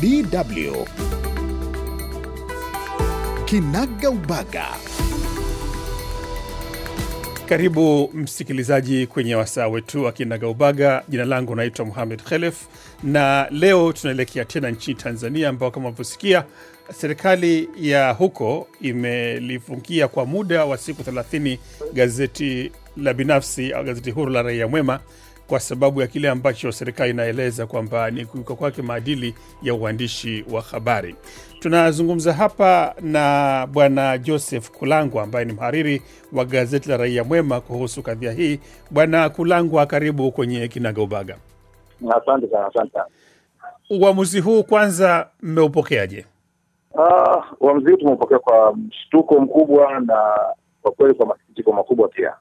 BW. Kinaga Ubaga. Karibu msikilizaji kwenye wasaa wetu wa Kinaga Ubaga. Jina langu naitwa Muhamed Khelef, na leo tunaelekea tena nchini Tanzania, ambao kama unavyosikia serikali ya huko imelifungia kwa muda wa siku 30 gazeti la binafsi au gazeti huru la Raia Mwema kwa sababu ya kile ambacho serikali inaeleza kwamba ni kuiuka kwake maadili ya uandishi wa habari. Tunazungumza hapa na Bwana Joseph Kulangwa ambaye ni mhariri wa gazeti la Raia Mwema kuhusu kadhia hii. Bwana Kulangwa, karibu kwenye Kinagaubaga. Asante sana. Asante sana. Uamuzi huu kwanza mmeupokeaje? Ah, uamuzi huu tumeupokea kwa mshtuko mkubwa na kwa kweli kwa masikitiko makubwa pia.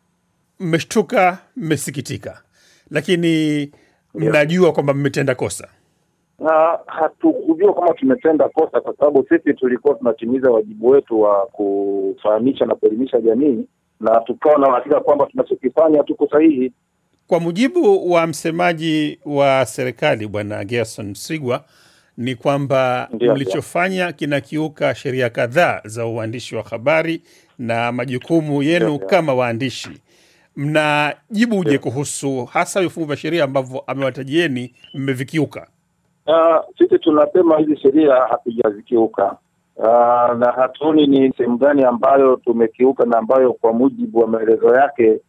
Mmeshtuka, mmesikitika lakini mnajua kwamba mmetenda kosa? Na hatukujua kama tumetenda kosa, kwa sababu sisi tulikuwa tunatimiza wajibu wetu wa kufahamisha na kuelimisha jamii, na tukawa na uhakika kwamba tunachokifanya tuko sahihi. Kwa mujibu wa msemaji wa serikali Bwana Gerson Msigwa ni kwamba mlichofanya kinakiuka sheria kadhaa za uandishi wa habari na majukumu yenu ndiyo, kama waandishi mnajibuje yeah, kuhusu hasa vifungu vya sheria ambavyo amewatajieni mmevikiuka? Uh, sisi tunasema hizi sheria hatujazikiuka. Uh, na hatuoni ni sehemu gani ambayo tumekiuka na ambayo kwa mujibu wa maelezo yake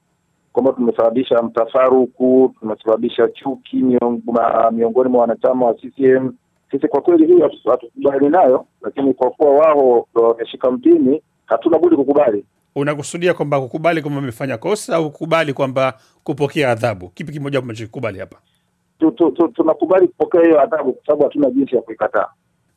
kwamba tumesababisha mtafaruku, tumesababisha chuki miong, ma, miongoni mwa wanachama wa CCM. Sisi kwa kweli hiyo hatukubali nayo, lakini kwa kuwa wao wameshika mpini, hatuna budi kukubali unakusudia kwamba kukubali kwamba amefanya kosa au kukubali kwamba kupokea adhabu? Kipi kimoja mnachokikubali hapa? Tunakubali kupokea hiyo adhabu kwa sababu hatuna jinsi ya kuikataa.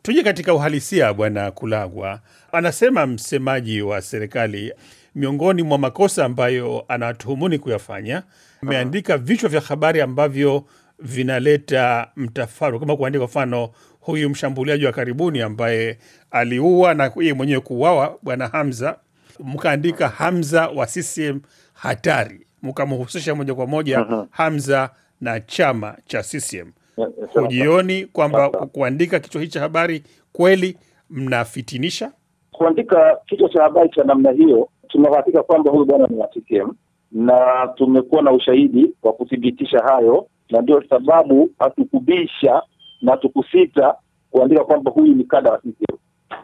Tuje katika uhalisia. Bwana Kulagwa anasema msemaji wa serikali, miongoni mwa makosa ambayo anatuhumuni kuyafanya ameandika vichwa vya habari ambavyo vinaleta mtafaru, kama kuandika mfano, huyu mshambuliaji wa karibuni ambaye aliua na yeye mwenyewe kuuawa, Bwana Hamza mkaandika Hamza wa CCM hatari, mkamhusisha moja kwa moja uh -huh. Hamza na chama cha CCM. Hujioni kwamba kuandika kichwa hii cha habari kweli mnafitinisha? Kuandika kichwa cha habari cha namna hiyo, tunahakika kwamba huyu bwana ni wa CCM na tumekuwa na ushahidi wa kuthibitisha hayo, na ndio sababu hatukubisha na tukusita kuandika kwamba huyu ni kada wa CCM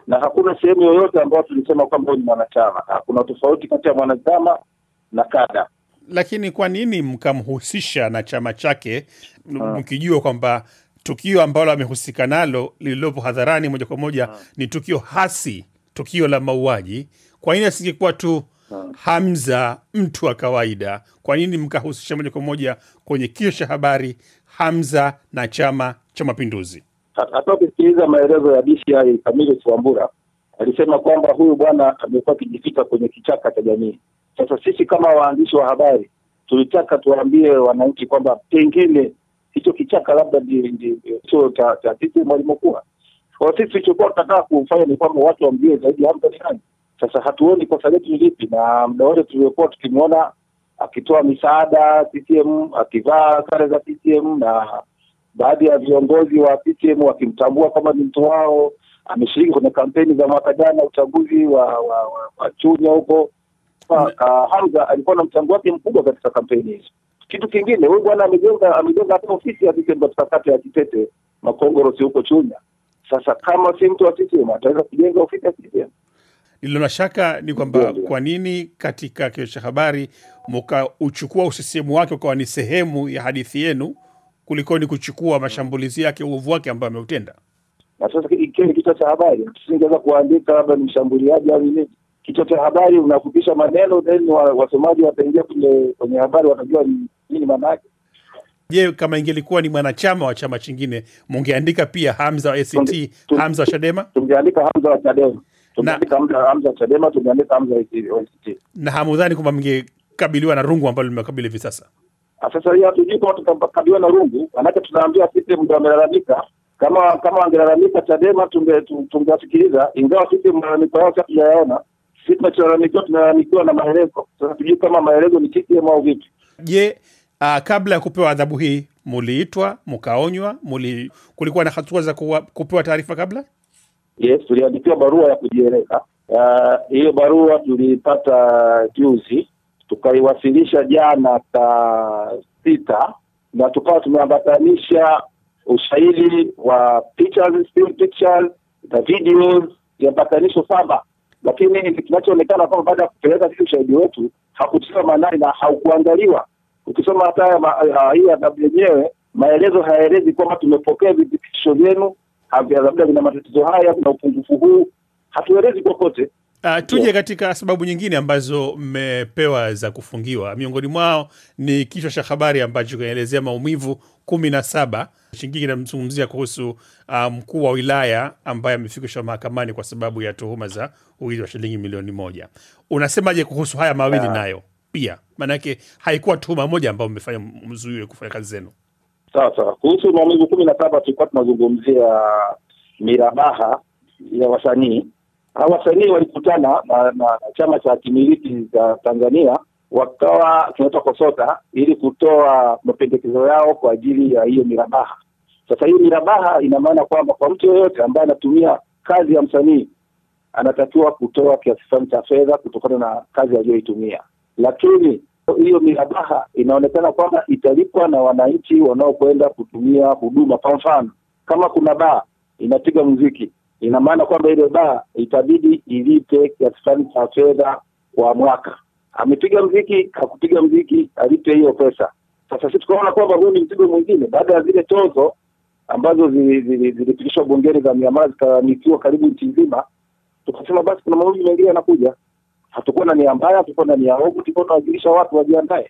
na hakuna sehemu yoyote ambayo tulisema kwamba ni mwanachama. Kuna tofauti kati ya mwanachama na kada. Lakini kwa nini mkamhusisha na chama chake ah. mkijua kwamba tukio ambalo amehusika nalo lililopo hadharani moja kwa moja ha, ah. ni tukio hasi, tukio la mauaji? Kwa nini asingekuwa tu ha, ah. Hamza mtu wa kawaida? Kwa nini mkahusisha moja kwa moja kwenye kio cha habari Hamza na Chama cha Mapinduzi? hata kusikiliza maelezo ya DCI Kamili Chiwambura alisema kwamba huyu bwana amekuwa akijificha kwenye kichaka cha jamii. Sasa sisi kama waandishi wa habari tulitaka tuwaambie wananchi kwamba pengine hicho kichaka labda ndicho cha CCM walimokuwa. Kwa sisi tulichokuwa tunataka kufanya ni kwamba watu wamjue zaidi Hamza ni nani. Sasa hatuoni kosa letu ni lipi, na muda wote tuliokuwa tukimwona akitoa misaada CCM, akivaa sare za CCM na baadhi ya viongozi wa CCM wakimtambua kama ni mtu wao. Ameshiriki kwenye kampeni za mwaka jana, uchaguzi wa, wa, wa, wa Chunya huko. Ah, mm. ah, Hamza alikuwa na mchango wake mkubwa katika kampeni hizo. Kitu kingine, huyu bwana amejenga amejenga hata ofisi ya CCM katika kata ya Kitete Makongoro, si huko Chunya. Sasa kama si mtu wa CCM ataweza kujenga ofisi ya CCM? Lililo na shaka ni kwamba kwa nini katika kichwa cha habari mkauchukua usisimu wake ukawa ni sehemu ya hadithi yenu kulikoni kuchukua mashambulizi yake, uovu wake ambayo ameutenda. Na sasa ikiwa ni kichwa cha habari, tusingeweza kuandika labda ni mshambuliaji au nini. Kichwa cha habari unakupisha maneno, then wasomaji wataingia kwenye kwenye habari, watajua ni nini maana yake. Je, kama ingelikuwa ni mwanachama wa chama chingine mungeandika pia Hamza wa ACT, Hamza wa Chadema? Tungeandika Hamza wa Chadema, tungeandika Hamza wa Chadema, tungeandika Hamza wa ACT. Na hamudhani kwamba mngekabiliwa na rungu ambalo limekabili hivi sasa? Ah, sasa hiyo hatujui kama tutakabiliwa na rungu, manake tunaambia sisi ndio amelalamika. Kama kama wangelalamika Chadema tungewasikiliza, ingawa sisi malalamiko yao hatujayaona. Sisi tunacholalamikiwa tunalalamikiwa na maelezo. Sasa tujui kama maelezo ni CCM au vipi? Je, uh, kabla ya kupewa adhabu hii muliitwa mkaonywa? Muli, kulikuwa na hatua za kupewa taarifa kabla? Yes, tuliandikiwa barua ya kujieleza ah, hiyo. Uh, barua tulipata juzi tukaiwasilisha jana saa sita na tukawa tumeambatanisha ushahidi wa pictures, pictures na videos ambatanisho saba, lakini kinachoonekana kwamba baada ya kupeleka vii ushahidi wetu hakutiwa maanani na haukuangaliwa. Ukisoma hata hii adabu yenyewe maelezo hayaelezi kwamba tumepokea vithibitisho vyenu, labda vina matatizo haya na upungufu huu, hatuelezi kokote Uh, tuje yeah, katika sababu nyingine ambazo mmepewa za kufungiwa. Miongoni mwao ni kichwa cha habari ambacho kinaelezea maumivu kumi na saba. Shingiki inamzungumzia kuhusu ah, mkuu um, wa wilaya ambaye amefikishwa mahakamani kwa sababu ya tuhuma za uwizi wa shilingi milioni moja. Unasemaje kuhusu haya mawili yeah, nayo pia maanake haikuwa tuhuma moja ambayo mmefanya mzuiwe kufanya kazi zenu? Sawa sawa. Kuhusu maumivu kumi na saba tulikuwa tunazungumzia mirabaha ya wasanii wasanii walikutana na, na, na chama cha kimiliki za Tanzania wakawa tunaitwa KOSOTA ili kutoa mapendekezo yao kwa ajili ya hiyo mirabaha. Sasa hiyo mirabaha ina maana kwamba kwa mtu yoyote ambaye anatumia kazi ya msanii anatakiwa kutoa kiasi fulani cha fedha kutokana na kazi aliyoitumia, lakini hiyo mirabaha inaonekana kwamba italipwa na wananchi wanaokwenda kutumia huduma. Kwa mfano, kama kuna baa inapiga muziki ina maana kwamba ile baa itabidi ilipe kiasi fulani cha fedha kwa mwaka. Amepiga mziki, hakupiga mziki, alipe hiyo pesa. Sasa sisi tukaona kwamba huu ni mzigo mwingine, baada ya zile tozo ambazo zilipitishwa bungeni za miamala zikalanikiwa karibu nchi nzima, tukasema basi kuna mauji mengine yanakuja. Hatukuwa na nia mbaya, hatukuwa na nia ovu, tulikuwa tunawajulisha watu wajiandae.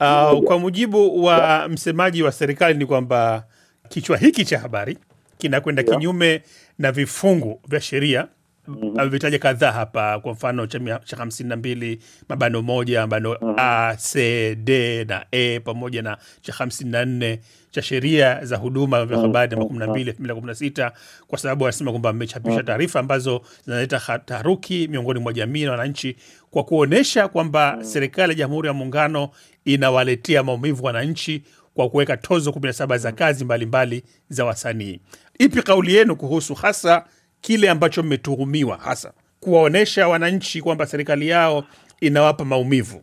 Uh, kwa mujibu wa msemaji wa serikali ni kwamba kichwa hiki cha habari kinakwenda yeah, kinyume na vifungu vya sheria mm -hmm. amevitaja kadhaa hapa, kwa mfano cha hamsini na mbili mabano moja mabano mm -hmm. a c d na e pamoja na cha hamsini na nne cha sheria za huduma vya mm-hmm. habari namba mm-hmm. kumi na mbili elfu mbili na kumi na sita kwa sababu anasema kwamba amechapisha mm-hmm. taarifa ambazo zinaleta taharuki miongoni mwa jamii na wananchi kwa kuonyesha kwamba serikali ya Jamhuri ya Muungano inawaletea maumivu wananchi kwa kuweka tozo 17 za kazi mbalimbali mbali za wasanii. Ipi kauli yenu kuhusu hasa kile ambacho mmetuhumiwa hasa kuwaonyesha wananchi kwamba serikali yao inawapa maumivu?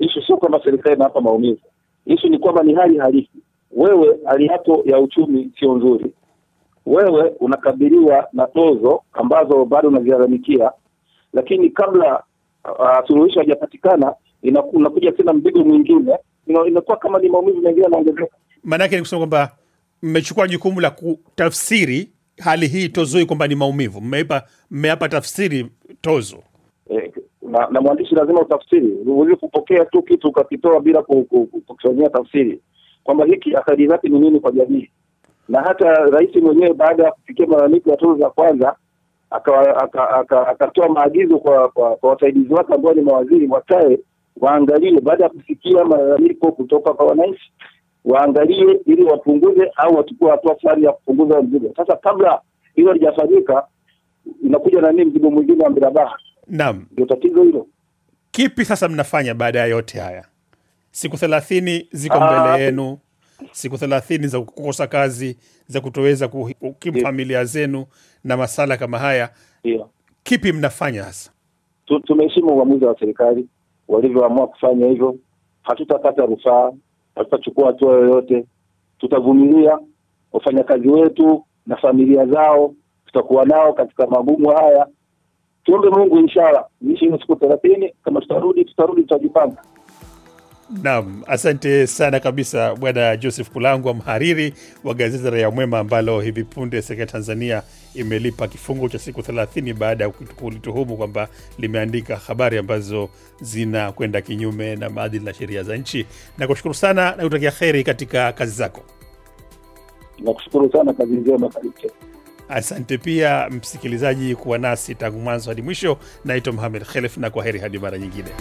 Ishu sio kwamba serikali inawapa maumivu, ishu ni kwamba ni hali halisi. Wewe hali yako ya uchumi sio nzuri, wewe unakabiliwa na tozo ambazo bado unazilalamikia, lakini kabla uh, suluhisho hajapatikana unakuja tena mzigo mwingine imekuwa kama ni maumivu mengine yanaongezeka. yake ni kusema kwamba mmechukua jukumu la kutafsiri hali hii tozoi kwamba ni maumivu, mmeipa mmeapa tafsiri tozo eh, na, na mwandishi lazima utafsiri. Huwezi kupokea tu kitu ukakitoa bila kukifanyia tafsiri kwamba hiki athari zake ni nini kwa jamii. Na hata rais mwenyewe baada ya kufikia malalamiko ya tozo za kwanza akatoa maagizo kwa kwa wasaidizi wake ambao ni mawaziri wakae waangalie, baada ya kusikia malalamiko kutoka kwa wananchi, waangalie ili wapunguze au wachukue hatua fulani ya kupunguza mzigo. Sasa kabla hilo lijafanyika inakuja na nini mzigo mwingine wa mirabaha? Naam, ndio tatizo hilo. Kipi sasa mnafanya baada ya yote haya? Siku thelathini ziko ah, mbele yenu, siku thelathini za kukosa kazi, za kutoweza kukimu familia zenu na masala kama haya. yeah. Kipi mnafanya sasa? Tumeheshimu uamuzi wa serikali walivyoamua kufanya hivyo. hatutapata rufaa, hatutachukua hatua yoyote, tutavumilia. Wafanyakazi wetu na familia zao tutakuwa nao katika magumu haya. Tuombe Mungu, inshallah, ishi siku thelathini. Kama tutarudi, tutarudi, tutajipanga. Naam, asante sana kabisa Bwana Joseph Kulangwa, mhariri wa gazeti Raia Mwema ambalo hivi punde serikali ya Tanzania imelipa kifungo cha siku 30 baada ya kulituhumu kwamba limeandika habari ambazo zinakwenda kinyume na maadili na sheria za nchi. Na kushukuru sana na kutakia kheri katika kazi zako. Nakushukuru sana, kazi njema. Asante pia msikilizaji kuwa nasi tangu mwanzo hadi mwisho. Naitwa Muhamed Khelef na kwa heri hadi mara nyingine.